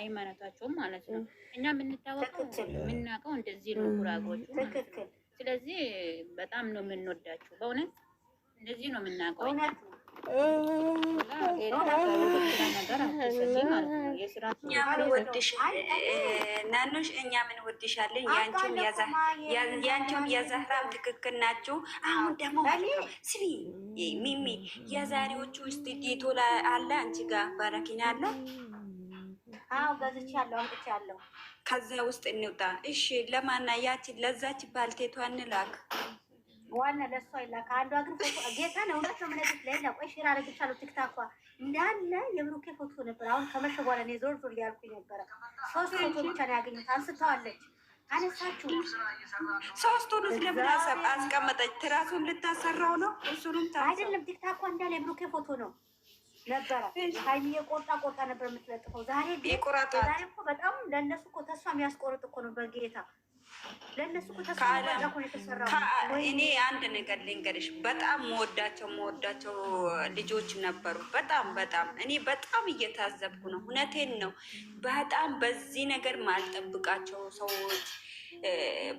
ሃይማኖታቸውም ማለት ነው። እኛ የምንታወቀው የምናውቀው እንደዚህ ነው ጉራጌዎቹ። ስለዚህ በጣም ነው የምንወዳቸው በእውነት እንደዚህ ነው የምናውቀው። ናኖሽ እኛ ምን ወድሻለን። ያንቺም የዘህራም ትክክል ናቸው። አሁን ደግሞ ስሪ ሚሚ የዛሬዎቹ ስቱዲዮ አለ አንቺ ጋር ባረኪና አለ አዎ ገዝቻለሁ፣ አምጥቻለሁ። ከዛ ውስጥ እንውጣ። እሺ ለማና ያቺ ለዛች ባልቴቷ እንላክ። ዋና ለእሷ ይላክ። አንዷ ግን ፎቶ ጌታን እውነት ነው ምነግርሽ፣ ለሌላ ቆይ ሽራ አረግቻለሁ። ቲክታኳ እንዳለ የብሩኬ ፎቶ ነበር። አሁን ከመሸ በኋላ እኔ ዞር ዞር እያልኩኝ ነበረ። ሶስት ፎቶ ብቻ ነው ያገኘሁት። አንስተዋለች አነሳችሁ ሶስቱን ለምን አስቀመጠች? ትራሱን ልታሰራው ነው። እሱንም አይደለም ቲክታኳ እንዳለ የብሩኬ ፎቶ ነው ነበረ ሀይሚዬ ቆርጣ ቆርጣ ነበር የምትለጥፈው። ዛሬ ዛሬ እኮ በጣም ለእነሱ እኮ ተስፋ የሚያስቆርጥ እኮ ነው። በጌታ እኔ አንድ ነገር ልንገርሽ፣ በጣም መወዳቸው መወዳቸው ልጆች ነበሩ። በጣም በጣም እኔ በጣም እየታዘብኩ ነው። እውነቴን ነው። በጣም በዚህ ነገር ማልጠብቃቸው ሰዎች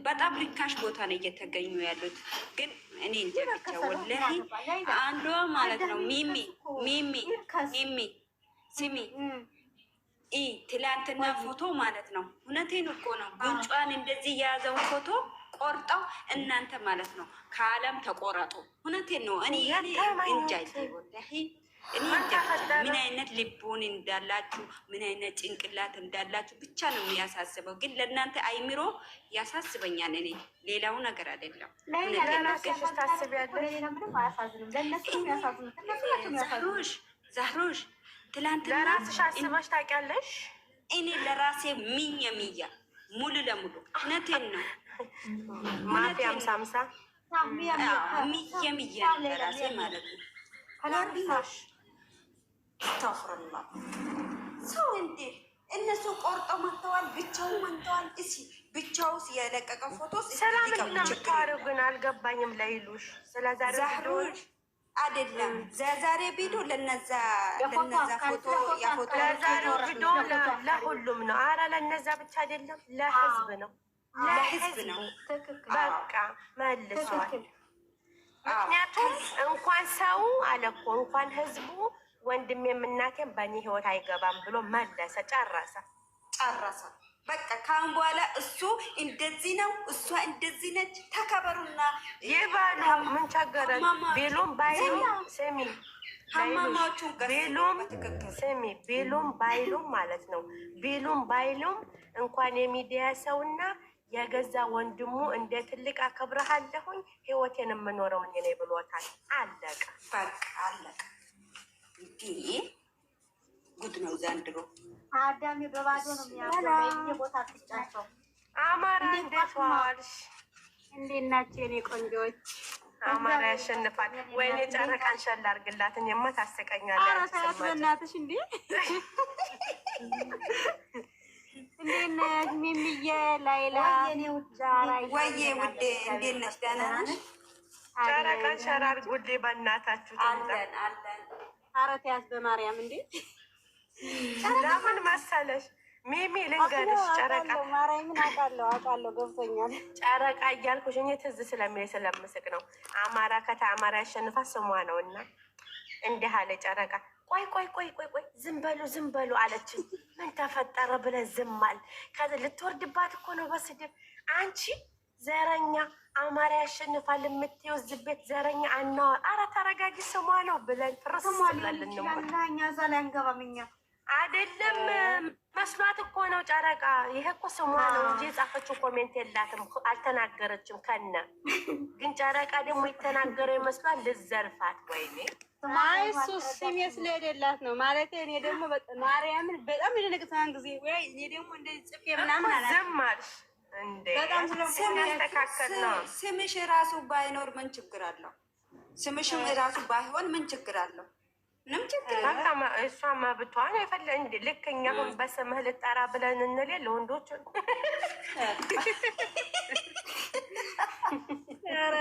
በጣም ሪካሽ ቦታ ነው እየተገኙ ያሉት። ግን እኔ እንጃቸው ወላሂ አንዷ ማለት ነው ሚሚ ሚሚ ሚሚ ሲሚ ኢ ትላንትና ፎቶ ማለት ነው እውነቴን እኮ ነው። ጉንጯን እንደዚህ የያዘውን ፎቶ ቆርጠው እናንተ ማለት ነው ከአለም ተቆረጡ። እውነቴን ነው እኔ እንጃ ወላሂ እኔ ምን አይነት ልቦን እንዳላችሁ ምን አይነት ጭንቅላት እንዳላችሁ ብቻ ነው የሚያሳስበው። ግን ለእናንተ አይምሮ ያሳስበኛል። እኔ ሌላው ነገር አይደለም። ዛሮሽ ዛሮሽ ትላንትና አስበሽ ታውቂያለሽ? እኔ ለራሴ ምኝ ምያ ሙሉ ለሙሉ እውነቴን ነው ማፊ አምሳ አምሳ ምየ ምያ ለራሴ ማለት ነው። ታፍረላ ሰው እንዴ እነሱ ቆርጠው መጥተዋል። ብቻው መጥተዋል። እሺ ብቻውስ የለቀቀ ፎቶስ ሰላም ነው ግን አልገባኝም። ለይሉሽ ስለዛሬ አይደለም ዛሬ ቪዲዮ ለነዛ ለነዛ ፎቶ ያ ፎቶ ቪዲዮ ለሁሉም ነው። አረ ለነዛ ብቻ አይደለም፣ ለህዝብ ነው፣ ለህዝብ ነው። በቃ መልሷል። ምክንያቱም እንኳን ሰው አለኮ እንኳን ህዝቡ ወንድሜ የምናቴን በእኔ ህይወት አይገባም ብሎ መለሰ። ጨረሰ ጨረሰ። በቃ ካሁን በኋላ እሱ እንደዚህ ነው፣ እሷ እንደዚህ ነች። ተከበሩና ይበሉ። ምን ቸገረ? ቤሎም ባይሉ ስሚ ስሚ ቤሎም ባይሉም ማለት ነው። ቤሎም ባይሉም እንኳን የሚዲያ ሰውና የገዛ ወንድሙ እንደ ትልቅ አከብረሃለሁኝ ህይወቴን የምኖረው እኔ ነኝ ብሎታል። አለቀ በቃ አለቀ። ግን ጉድ ነው ዘንድሮ። አዳሜ በባዶ ነው የሚያገኘው ቦታ አማራ እንዴት እንዴት ናቸው የኔ ቆንጆዎች? አማራ ያሸንፋል። ወይኔ ጨረቃን ሸል አድርግላት። እኔማ ታስቀኛለህ። ኧረ እንዴ እንዴት ነሽ ሚሚዬ? ላይላ ወይዬ ውዴ እንዴት ነሽ? ደህና ነሽ? ጨረቃን ሸር አድርጉልኝ በእናታችሁ። አለን አለን አረት ያዝ በማርያም እንዴ! ለምን መሰለሽ ሚሚ ልንገርሽ፣ ጨረቃ ማርያምን አውቃለሁ አውቃለሁ፣ ገብቶኛል። ጨረቃ እያልኩሽ እኔ ትዝ ስለሚለኝ ስለምስቅ ነው። አማራ ከታ አማራ ያሸንፋ ስሟ ነው እና እንዲህ አለ ጨረቃ ቆይ ቆይ ቆይ ቆይ ቆይ ዝም በሉ ዝም በሉ አለችኝ። ምን ተፈጠረ ብለ ዝም አል። ከዚ ልትወርድባት እኮ ነው በስድብ አንቺ ዘረኛ አማራ ያሸንፋል የምትይው እዚህ ቤት ዘረኛ አናዋ አረ ተረጋጊ። ስሟ ነው ብለን ፍርስ እኛ እዛ ላይ አንገባም። እኛ አይደለም መስሏት እኮ ነው ጨረቃ። ይሄ እኮ ስሟ ነው እንጂ የጻፈችው ኮሜንት የላትም አልተናገረችም። ከነ ግን ጨረቃ ደግሞ የተናገረው ይመስሏል። ልዘርፋት ወይኔ አይ እሱ ስሜ ስለሄደላት ነው ማለት። እኔ ደግሞ ማርያምን በጣም የደነገጥኩት ጊዜ ወይ እኔ ደግሞ እንደ ጽፌ ምናምን አላ ዝም አልሽ ስምሽ ራሱ ባይኖር ምን ችግር አለው? ስምሽም ራሱ ባይሆን ምን ችግር አለው? ምንም ችግር እሷ መብቷ ነው። የፈለ ልክ እኛ አሁን በስምህ ልጠራ ብለን እንሌለ ወንዶች ኧረ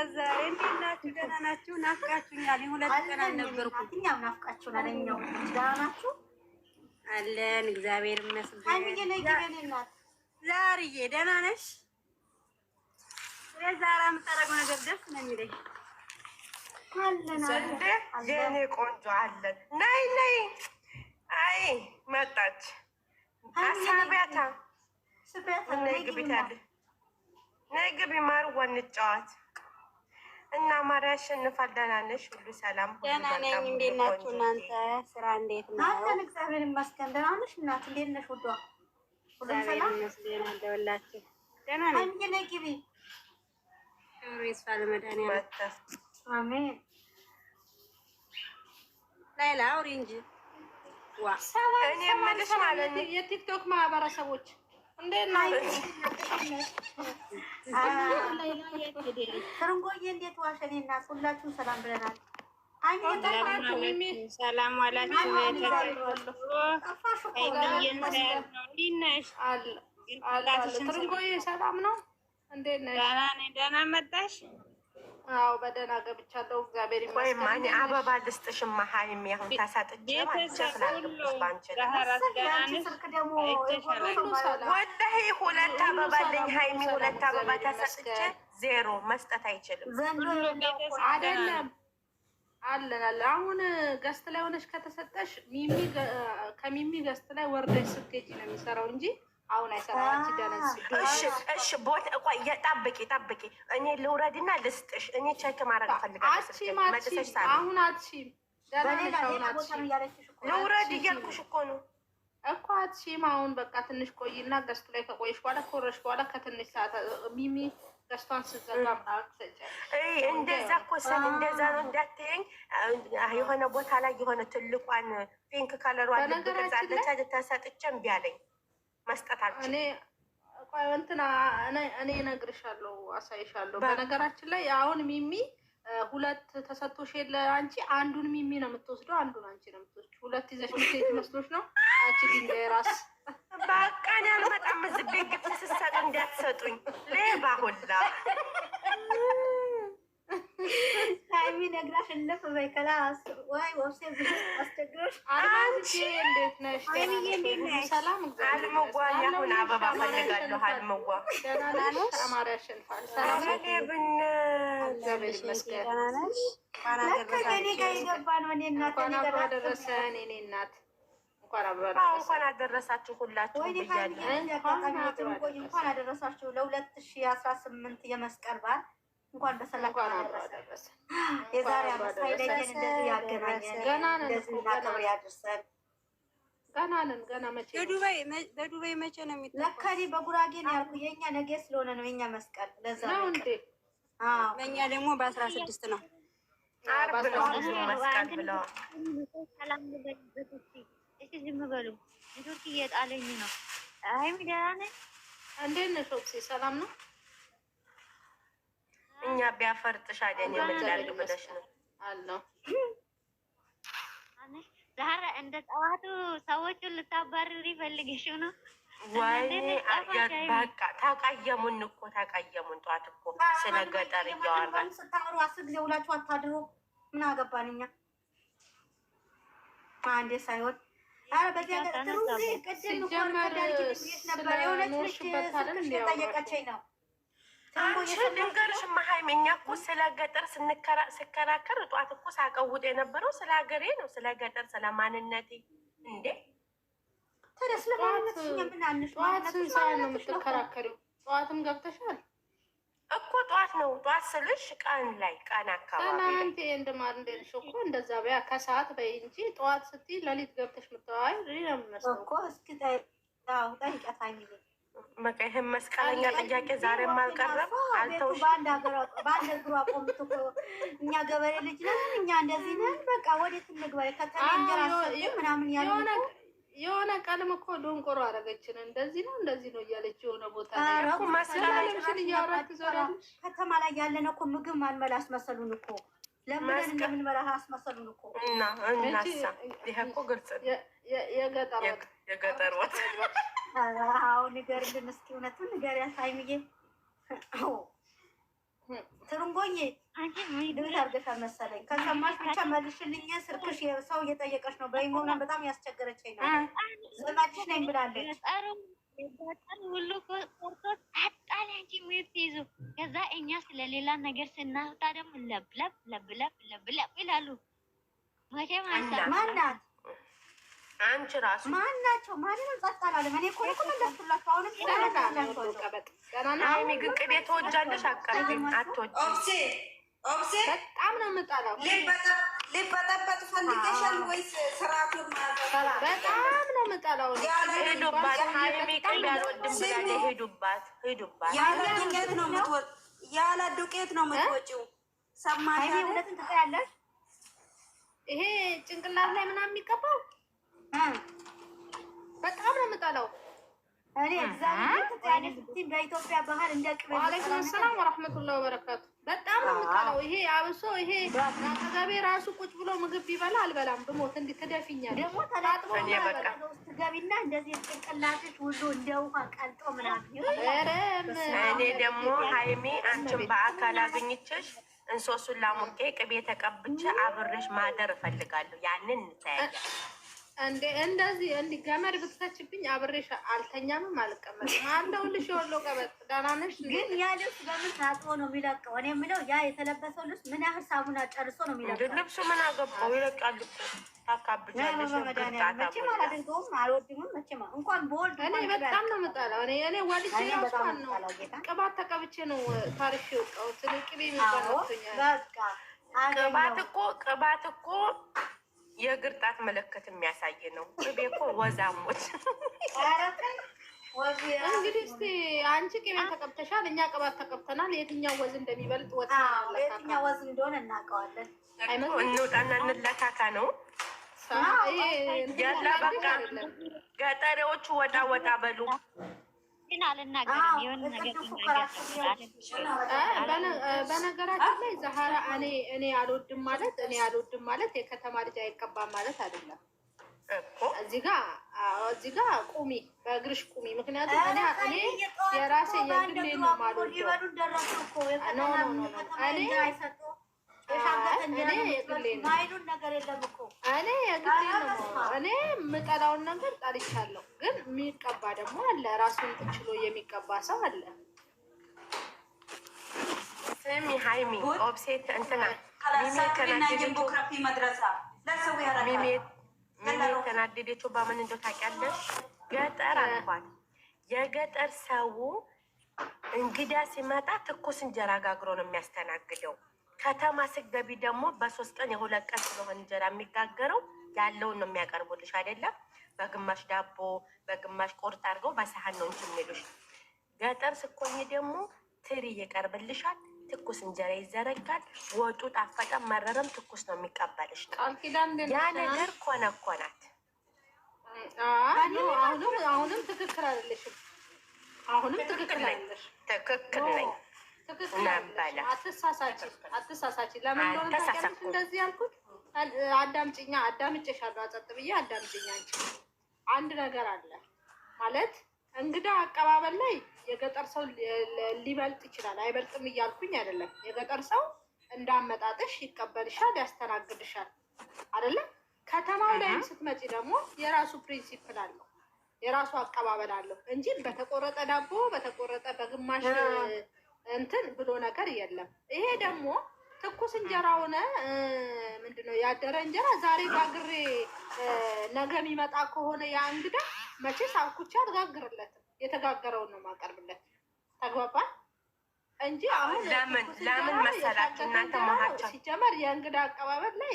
እንዴት ናችሁ? ደህና ናችሁ? ናፍቃችሁኛል። የሁለት ቀን አልነበርኩም። እኛም ናፍቃችሁናል። እኛው ደህና ናችሁ? አለን እግዚአብሔር ይመስገን። አንዬ ነይ ግበን እናት ዛርዬ ደህና ነሽ? ዛሬ የምታደርገው ነገር ደስ ነው የሚለኝ። ዘንዴ የእኔ ቆንጆ አለን። ነይ ነይ። አይ መጣች። አሳቢያታ ነይ ግቢ ታዲያ ነይ ግቢ። ማርዋ እንጫወት እና ማርያ ያሸንፋል። ደህና ነሽ? ሁሉ ሰላም? ደህና ነኝ። እንዴት ናችሁ እናንተ? ስራ እንዴት ነው? እግዚአብሔር ይመስገን። ደህና ነሽ እናት? እንዴት ነሽ ውዷ ላይላ አውሪ የቲክቶክ ማህበረሰቦች እንዴት ናችሁ? ትርንጎዬ እንዴት ዋሸኔ እና ሁላችሁም ሰላም ብለናል። ሰላም ዋላችሁ። ሰላም ነው። ደህና መጣሽ? አዎ በደህና ገብቻለሁ። እግዚአብሔር ይመስገን። አበባ ልስጥሽማ ሀይሚ አሁን ታሳጥቼ ሁለት አበባ አለኝ ሀይሚ ሁለት አበባ ታሳጥቼ ዜሮ መስጠት አይችልም አይደለም አለን አለ። አሁን ገስት ላይ ሆነሽ ከተሰጠሽ ሚሚ ከሚሚ ገስት ላይ ወርደሽ ስትሄጂ ነው የሚሰራው እንጂ አሁን አይሰራዋች ደነስ። እሺ እሺ፣ ቦታ ቆይ፣ ጠብቂ እኔ ልውረድና ልስጥሽ። እኔ ቼክ ማድረግ እፈልጋለሁ። አትሺም አሁን አትሺም። ልውረድ እያልኩሽ እኮ ነው እኮ አትሺም። አሁን በቃ ትንሽ ቆይና ገስት ላይ ከቆየሽ በኋላ ከወረድሽ በኋላ ከትንሽ ሰዓት ሚሚ እንደዛ እኮ ስል እንደዛ ነው እንዳትይኝ። የሆነ ቦታ ላይ የሆነ ትልቋን ፒንክ ከለሯ ልብዛለች ልታሰጥቼ እምቢ አለኝ። መስጠት አልችልም። እንትና እኔ እነግርሻለሁ፣ አሳይሻለሁ። በነገራችን ላይ አሁን ሚሚ ሁለት ተሰጥቶሽ የለ አንቺ አንዱን ሚሚ ነው የምትወስደው፣ አንዱን አንቺ ነው የምትወስደው። ሁለት ይዘሽ ምትሄጂ መስሎሽ ነው አንቺ ድንጋይ ራስ በቃ እኔ አልመጣም። እዚህ ድግት ስሰጥ እንዳትሰጡኝ። ሌባ ሁላ ታይሚ ነግራሽ እልፍ በይ ከላስ ወይ ወብሴ አስቸግሮሽ። አንቺ እንዴት ነሽ? ሰላም ያሁን አበባ ፈልጋለሁ። አልመዋ ተማሪ ያሸንፋል። ሰላምብን ደረሰን የኔ እናት እንኳን አደረሳችሁ ሁላችሁ እንኳን አደረሳችሁ ለሁለት ሺህ አስራ ስምንት የመስቀል በዓል እንኳን በሰላም የዛሬ አመት ሳይለየን እንደዚህ ያገናኘን ያድርሰን። ገና ነን። ገና መቼ በዱባይ በዱባይ መቼ ነው የሚጠ ለካ እኔ በጉራጌ ነው ያልኩት። የእኛ ነገ ስለሆነ ነው የእኛ መስቀል ለዛ ነው እንዴ? አዎ በእኛ ደግሞ በአስራ ስድስት ነው። አርብ ነው መስቀል ብለዋል። እስቲ ዝም በሉ። ኔትወርክ እየጣለኝ ነው። አይ ደህና ነኝ። እንዴት ነሽ? ኦክሴ ሰላም ነው። እኛ ቢያፈርጥሽ አገኘ የምንላል ብለሽ ነው አለው። ዛሬ እንደ ጠዋቱ ሰዎቹን ልታባርር ይፈልግሽው ነው። ወይኔ በቃ ተቀየሙን እኮ ተቀየሙን። ጠዋት እኮ ስለ ገጠር እያወራን ስታወሩ አስር ጊዜ ውላችሁ አታድሮ ምን አገባን እኛ አንዴ ሳይሆን ልንገርሽማ ሀይሚ እኛ እኮ ስለ ገጠር ስከራከር ጠዋት እኮ ሳቀውጥ የነበረው ስለ ሀገሬ ነው፣ ስለ ገጠር፣ ስለ ማንነቴ እንዴ ጠዋት ስንት ሰዓት ነው የምትከራከሪው? ጠዋትም ገብተሻል። እኮ ጠዋት ነው። ጠዋት ስልሽ ቀን ላይ ቀን አካባቢ ቀናንቴ እንደማር እንደልሽ እኮ እንደዛ በያ ከሰዓት በይ እንጂ ጠዋት ስትይ ለሊት ገብተሽ ምታዋይ ነው የሚመስለው እኮ እስኪ ጠይቀታኝ በቃ ይህን መስቀለኛ ጥያቄ ዛሬ አልቀረም። አልተውሽ በአንድ እግሯ ቆምት እኛ ገበሬ ልጅ ነን እኛ እንደዚህ ነን። በቃ ወዴት እንግባ ከተለንጀራ ምናምን ያለ የሆነ ቀንም እኮ ዶንቆሮ አደረገችን። እንደዚህ ነው እንደዚህ ነው እያለች የሆነ ቦታ ከተማ ላይ ያለን እኮ ምግብ ማንመላ አስመሰሉን እኮ ለምን እንደምንመላ አስመሰሉን እኮ እና እናሳ ይሄ እኮ ግልጽ ነው። የገጠር ወጥ አዎ፣ ንገሪልን እስኪ እውነቱን ንገሪያት ሀይሚዬ ትርንጎዬ ድምፅ ነው። በይሞና ከዛ እኛ ስለሌላ ነገር ስናፍታ ደግሞ ለብለብ ለብለብ ለብለብ ይላሉ። አንቺ ራሱ ማን ናቸው? ማንንም ጸጥ እኔ እኮ እኮ መለስኩላችሁ። አሁንም ይላል ታላቅ ወጣ በቃ ገና በጣም ነው የምጠላው። ልበጠበጥ ፈልገሻል ወይስ ስርዓቱን በጣም ነው የምጠላው። ሄዱባት ያለ ዱቄት ነው የምትወጪው። ይሄ ጭንቅላት ላይ ምናምን የሚቀባው በጣም ነው የምጠላው። እኔ በኢትዮጵያ ባህል እንደ ቅቤ አለይኩም ሰላም ወራህመቱላሂ ወበረካቱ። በጣም ነው የምጠላው ይሄ አብሶ ይሄ አጠገቤ ራሱ ቁጭ ብሎ ምግብ ቢበላ አልበላም ብሞት እንዲህ ትደፊኛለህ። ደግሞ ተላጥፎ ውስጥ ገቢና እንደዚህ ጭንቅላትሽ ሁሉ እንደ ውሃ ቀልጦ ምናምን። እኔ ደግሞ ሀይሜ አንቺን በአካል አግኝቼሽ እንሶሱን ላሙቄ ቅቤ ተቀብቼ አብሬሽ ማደር እፈልጋለሁ። ያንን እንታያለን እንዴ እንደዚህ እንዲህ ገመድ ብትሰችብኝ አብሬሽ አልተኛምም አልቀመጥም። አለሁልሽ። የወለው ቀበጥ ደህና ነሽ? ግን ያ ልብስ በምን ታጥቦ ነው የሚለቀው? እኔ የምለው ያ የተለበሰው ልብስ ምን ያህል ሳሙና ጨርሶ ነው የሚለቀው? ልብሱ ምን አገባው? ይለቃል። ቅባት እኮ ቅባት እኮ የእግር ጣት መለከት የሚያሳይ ነው። ቅቤ እኮ ወዛሞች እንግዲህ እስኪ አንቺ ቅቤ ተቀብተሻል፣ እኛ ቅባት ተቀብተናል። የትኛው ወዝ እንደሚበልጥ ወጥ የትኛው ወዝ እንደሆነ እናውቀዋለን። እንውጣና እንለካካ ነው ያላ በቃ ገጠሬዎቹ ወጣ ወጣ በሉ ግን አልናገርም። የሆነ ነገር በነገራችን ላይ ዛህራ እኔ እኔ አልወድም ማለት እኔ አልወድም ማለት የከተማ ልጅ አይቀባም ማለት አይደለም። እዚህ ጋ እዚህ ጋ ቁሚ፣ በእግርሽ ቁሚ። ምክንያቱም እኔ የራሴ የግሌ ነው ማለት ነው። ማይሉን ነገር የለም እኔ እኔ የምጠላውን ነገር ጠልቻለሁ። ግን የሚቀባ ደግሞ አለ፣ ራሱን ችሎ የሚቀባ ሰው አለ። ስሚ ሀይሚ ኦብሴት እንትና ተናደደችው በምን እንደው ታውቂያለሽ? ገጠር አልኳት የገጠር ሰው እንግዳ ሲመጣ ትኩስ እንጀራ ጋግሮ ነው የሚያስተናግደው። ከተማ ስገቢ ደግሞ በሶስት ቀን የሁለት ቀን ስለሆነ እንጀራ የሚጋገረው ያለውን ነው የሚያቀርቡልሽ፣ አይደለም በግማሽ ዳቦ በግማሽ ቁርጥ አድርገው በሳህን ነው እንጂ የሚሉሽ። ገጠር ስኮኝ ደግሞ ትሪ ይቀርብልሻል። ትኩስ እንጀራ ይዘረጋል። ወጡ ጣፈጠም መረረም ትኩስ ነው የሚቀበልሽ። ያ ነገር ኮነኮናት። አሁንም ትክክል አይደለሽም። አሁንም ትክክል ነኝ። አትሳሳች። ለምን እንደዚህ ያልኩት? አዳምጪኛ፣ አዳምጬሻለሁ። አጸጥ ብዬ አዳምጪኛ። አንድ ነገር አለ ማለት እንግዳ አቀባበል ላይ የገጠር ሰው ሊበልጥ ይችላል። አይበልጥም እያልኩኝ አይደለም። የገጠር ሰው እንዳመጣጥሽ ይቀበልሻል፣ ያስተናግድሻል አይደለም። ከተማው ላይም ስትመጪ ደግሞ የራሱ ፕሪንሲፕል አለው፣ የራሱ አቀባበል አለው እንጂ በተቆረጠ ዳቦ በተቆረጠ በግማሽ እንትን ብሎ ነገር የለም። ይሄ ደግሞ ትኩስ እንጀራ ሆነ ምንድነው ያደረ እንጀራ ዛሬ ጋግሬ ነገ የሚመጣ ከሆነ ያ እንግዳ መቼስ አብኩቼ አልጋግርለትም። የተጋገረውን ነው ማቀርብለት። ተግባባል እንጂ አሁን ለምን ለምን መሰላችሁ እናንተ ሲጀመር የእንግዳ አቀባበል ላይ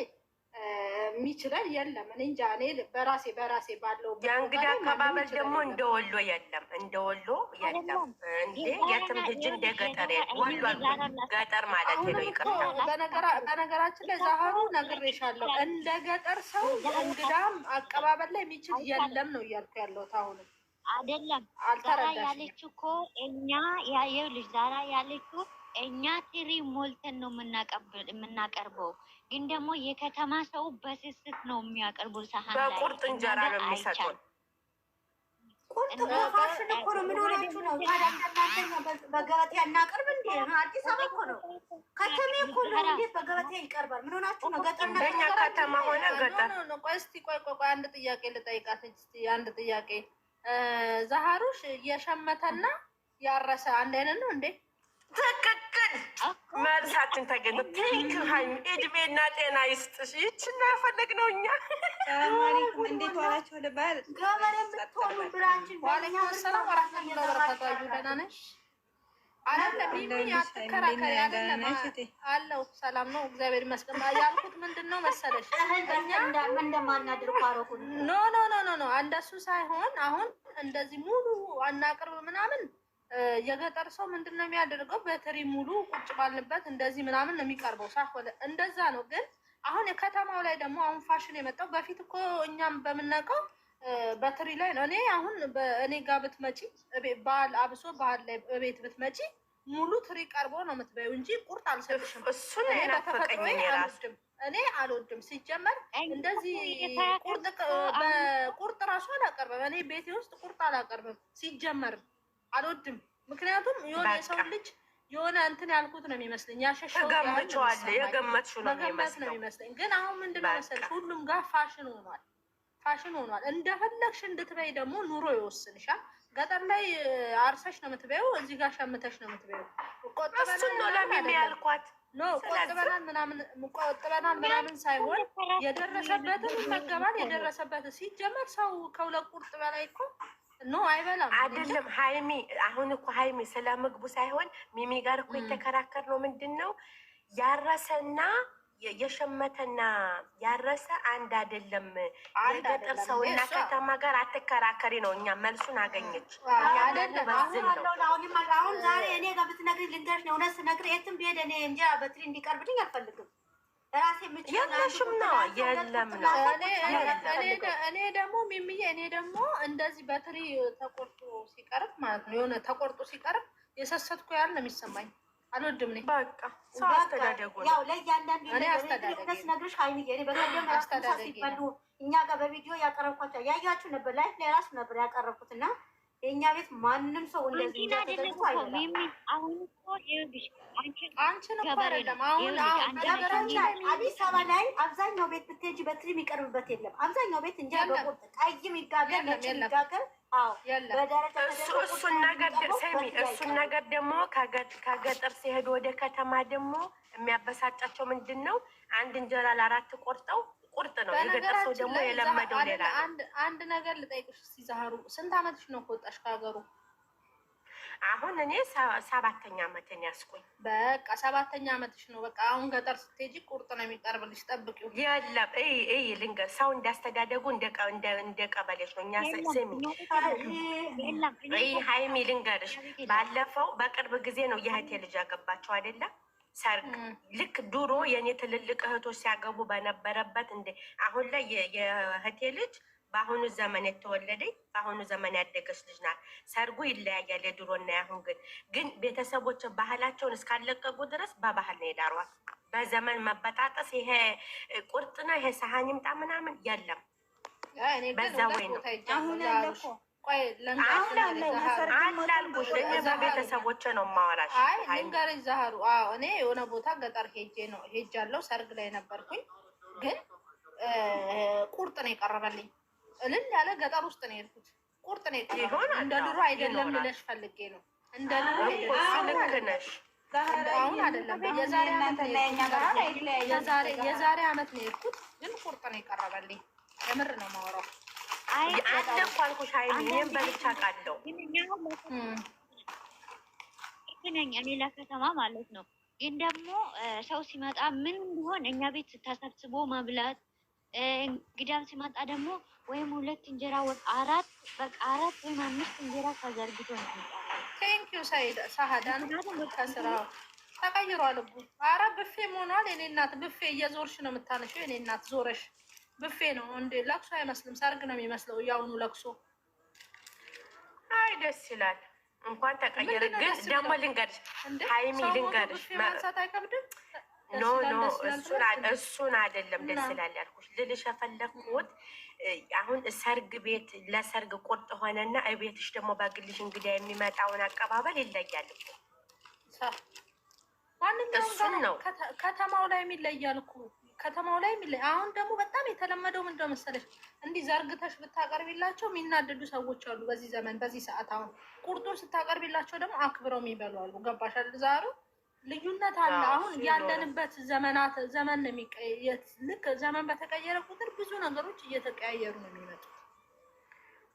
የሚችለን የለም። እኔ እንጃ እኔ በራሴ በራሴ ባለው የእንግዳ አቀባበል ደግሞ እንደ ወሎ የለም፣ እንደ ወሎ የለም። እንዴ የትም ህጅ እንደ ገጠር ወሎ ገጠር ማለት ነው። ይቅርታል። በነገራችን ላይ ዛህሩ ነግሬሻለሁ፣ እንደ ገጠር ሰው የእንግዳም አቀባበል ላይ የሚችል የለም ነው እያልኩ ያለሁት አሁንም አይደለም። ዛራ ያለች እኮ እኛ ያየው ልጅ ዛራ ያለችው እኛ ትሪ ሞልተን ነው የምናቀርበው፣ ግን ደግሞ የከተማ ሰው በስስት ነው የሚያቀርበው። ሳህን ላይ እንጀራ ነው የሚሰጡን። ቁርጥ ፋሽን እኮ ነው። ምን ሆናችሁ ነው ታዲያ? እናቀርብ እንዴ? አዲስ አበባ እኮ ነው፣ ከተሜ እኮ ነው። እንዴት ይቀርባል? ምን ሆናችሁ ነው? በእኛ ከተማ ሆነ ገጠር። ቆይ ቆይ ቆይ፣ አንድ ጥያቄ ልጠይቃት። አንድ ጥያቄ፣ ዛሃሩሽ የሸመተና ያረሰ አንድ አይነት ነው እንዴ? ትክክል መልሳችን ተገኘ። ቴንክ ሀይሚ እድሜና ጤና ይስጥሽ። ይችን ነው እኛ። እንዴት ዋላችሁ? ልባል አለው ሰላም ነው እግዚአብሔር ይመስገን። ያልኩት ምንድን ነው መሰለሽ ኖ ኖ ኖ ኖ እንደሱ ሳይሆን አሁን እንደዚህ ሙሉ አናቅርብ ምናምን የገጠር ሰው ምንድን ነው የሚያደርገው? በትሪ ሙሉ ቁጭ ባልንበት እንደዚህ ምናምን ነው የሚቀርበው። ሳሆነ እንደዛ ነው። ግን አሁን የከተማው ላይ ደግሞ አሁን ፋሽን የመጣው በፊት እኮ እኛም በምናውቀው በትሪ ላይ ነው። እኔ አሁን እኔ ጋር ብትመጪ ባህል አብሶ ባህል ላይ እቤት ብትመጪ ሙሉ ትሪ ቀርቦ ነው የምትበዩ እንጂ ቁርጥ አልሰብሽም። እሱን አልወድም እኔ አልወድም። ሲጀመር እንደዚህ ቁርጥ ራሱ አላቀርብም። እኔ ቤቴ ውስጥ ቁርጥ አላቀርብም ሲጀመርም አልወድም። ምክንያቱም የሆነ የሰው ልጅ የሆነ እንትን ያልኩት ነው የሚመስለኝ ያሸሸው መገመት ነው የሚመስለኝ። ግን አሁን ምንድን ነው መሰለሽ ሁሉም ጋር ፋሽን ሆኗል፣ ፋሽን ሆኗል። እንደፈለግሽ እንድትበይ ደግሞ ኑሮ ይወስንሻል። ገጠር ላይ አርሰሽ ነው የምትበይው፣ እዚህ ጋር ሸምተሽ ነው የምትበይው። ቆጥበናልኳት ኖ ቆጥበናል ምናምን ቆጥበናል ምናምን ሳይሆን የደረሰበትን መገባል የደረሰበት ሲጀመር ሰው ከሁለት ቁርጥ በላይ እኮ አይደለም ሀይሚ፣ አሁን እኮ ሀይሚ ስለ ምግቡ ሳይሆን ሚሚ ጋር እኮ የተከራከር ነው። ምንድን ነው ያረሰና የሸመተና ያረሰ አንድ አይደለም። የገጠር ሰውና ከተማ ጋር አትከራከሪ ነው። እኛ መልሱን አገኘች። አሁን ዛሬ እኔ ጋር ብትነግሪ ልንገርሽ ነው። እውነት ስነግር የትም ብሄድ እኔ እንጂ በትሪ እንዲቀርብልኝ አልፈልግም። የለሽምና የለም እኔ ደግሞ ሚሚዬ እኔ ደግሞ እንደዚህ በትሪ ተቆርጦ ሲቀርብ ማለት ነው የሆነ ተቆርጦ ሲቀርብ የሰሰትኩ ያህል ነው የሚሰማኝ። አልወድም ነኝ በቃ ሰው አስተዳደጉ ያው ለእያንዳንዱ እኛ ጋር በቪዲዮ ያቀረብኳቸው ያያችሁ ነበር። ላይፍ ላይ ራሱ ነበር ያቀረብኩት እና የእኛ ቤት ማንም ሰው እንደዚህ እንደተደረገ አይደለም። አሁን እኮ አንቺ አሁን አዲስ አበባ ላይ አብዛኛው ቤት ብትሄጂ በትሪ የሚቀርብበት የለም። አብዛኛው ቤት እንጃ በቆጥ ቀይ የሚጋገር ነጭ የሚጋገር እሱን ነገር ሰሚ እሱን ነገር ደግሞ ከገጠር ሲሄዱ ወደ ከተማ ደግሞ የሚያበሳጫቸው ምንድን ነው? አንድ እንጀራ ለአራት ቆርጠው ቁርጥ ነው። የገጠር ሰው ደግሞ የለመደው ሌላ ነው። አንድ ነገር ልጠይቅሽ ሲዛሩ ስንት አመትሽ ነው ከወጣሽ ከሀገሩ? አሁን እኔ ሰባተኛ አመትን ያስቆኝ። በቃ ሰባተኛ አመትሽ ነው። በቃ አሁን ገጠር ስትሄጂ ቁርጥ ነው የሚቀርብልሽ፣ ጠብቂው። የለም እይ ልንገ ሰው እንዳስተዳደጉ እንደ ቀበሌች ነው። እኛ ስሚ ይህ ሀይሚ ልንገርሽ፣ ባለፈው በቅርብ ጊዜ ነው የህቴ ልጅ ያገባቸው አይደለም ሰርግ ልክ ድሮ የኔ ትልልቅ እህቶች ሲያገቡ በነበረበት እንደ አሁን ላይ የእህቴ ልጅ በአሁኑ ዘመን የተወለደች በአሁኑ ዘመን ያደገች ልጅ ናት። ሰርጉ ይለያያል እና ያሁን ግን ግን ቤተሰቦች ባህላቸውን እስካለቀቁ ድረስ በባህል ነው የዳሯት። በዘመን መበጣጠስ ይሄ ቁርጥ ነው ይሄ ሰሃን ይምጣ ምናምን የለም። በዛ ወይ ነው አሁን አላልኩሽ እኔ እኔ የሆነ ቦታ ገጠር ሄጃለሁ፣ ሰርግ ላይ ነበርኩኝ። ግን ቁርጥ ነው የቀረበልኝ፣ እልል ያለ ገጠር ውስጥ ነው የሄድኩት። ቁርጥ ነው የቀረበልኝ፣ እንደ ድሮ አይደለም ልለሽ ፈልጌ ነው። እንደ ድሮ ልክ ነሽ፣ የዛሬ ዓመት ነው የሄድኩት፣ ግን ቁርጥ ነው የቀረበልኝ። የምር ነው የማወራው አለ ነኝ ሌላ ከተማ ማለት ነው። ግን ደግሞ ሰው ሲመጣ ምን ቢሆን እኛ ቤት ተሰብስቦ መብላት፣ እንግዳም ሲመጣ ደግሞ ወይም ሁለት እንጀራ አራት በቃ አራት ወይም አምስት እንጀራ ተዘርግቶ ቴንኪዩ ሳሀዳን ከስራው ተቀይሯል። አረ ብፌ ሆኗል። የኔ እናት ብፌ እየዞርሽ ነው የምታነሺው። የኔ እናት ዞረሽ ብፌ ነው እንዴ? ለቅሶ አይመስልም፣ ሰርግ ነው የሚመስለው። እያውኑ ለቅሶ። አይ ደስ ይላል። እንኳን ተቀየረ። ግን ደግሞ ልንገርሽ ሀይሚ ልንገርሽ፣ ማንሳት አይከብድም። ኖ ኖ እሱን አይደለም ደስ ይላል ያልኩሽ። ልልሽ የፈለግኩት አሁን ሰርግ ቤት ለሰርግ ቁርጥ ሆነና ቤትሽ ደግሞ በግልሽ እንግዲያ የሚመጣውን አቀባበል ይለያል እኮ ማንኛውም ነው ከተማው ላይ የሚለያል እኮ ከተማው ላይ አሁን ደግሞ በጣም የተለመደው ምንድነው መሰለች እንዲህ ዘርግተሽ ብታቀርቢላቸው የሚናደዱ ሰዎች አሉ። በዚህ ዘመን በዚህ ሰዓት አሁን ቁርጡን ስታቀርቢላቸው ደግሞ አክብረው የሚበሉ አሉ። ገባሻል? ዛሩ ልዩነት አለ። አሁን ያለንበት ዘመናት ዘመን ነው ልክ ዘመን በተቀየረ ቁጥር ብዙ ነገሮች እየተቀያየሩ ነው የሚመጡት።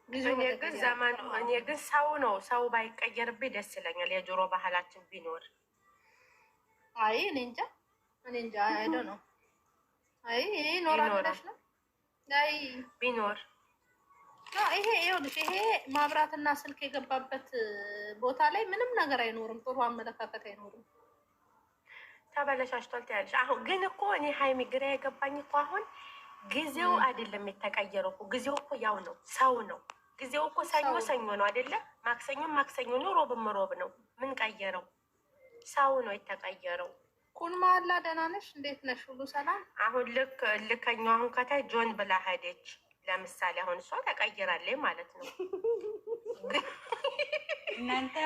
እኔ ግን ዘመኑ እኔ ግን ሰው ነው ሰው ባይቀየርብኝ ደስ ይለኛል። የድሮ ባህላችን ቢኖር አይ እኔ እንጃ እኔ እንጃ አይደ ነው ቢኖር ይሄ ይኸውልሽ፣ ይሄ ማብራትና ስልክ የገባበት ቦታ ላይ ምንም ነገር አይኖርም። ጥሩ አመለካከት አይኖርም። ተበለሻሽቷል ትያለሽ። አሁን ግን እኮ እኔ ሀይሚ ግራ የገባኝ እኮ አሁን ጊዜው አይደለም የተቀየረው እኮ ጊዜው እኮ ያው ነው፣ ሰው ነው። ጊዜው እኮ ሰኞ ሰኞ ነው አይደለ? ማክሰኞም ማክሰኞ ነው፣ ሮብም ሮብ ነው። ምን ቀየረው? ሰው ነው የተቀየረው። ኩልማላ ደህና ነሽ? እንዴት ነሽ? ሁሉ ሰላም? አሁን ልክ ልከኛው አሁን ከታይ ጆን ብላ ሄደች። ለምሳሌ አሁን እሷ ተቀይራለች ማለት ነው እናንተ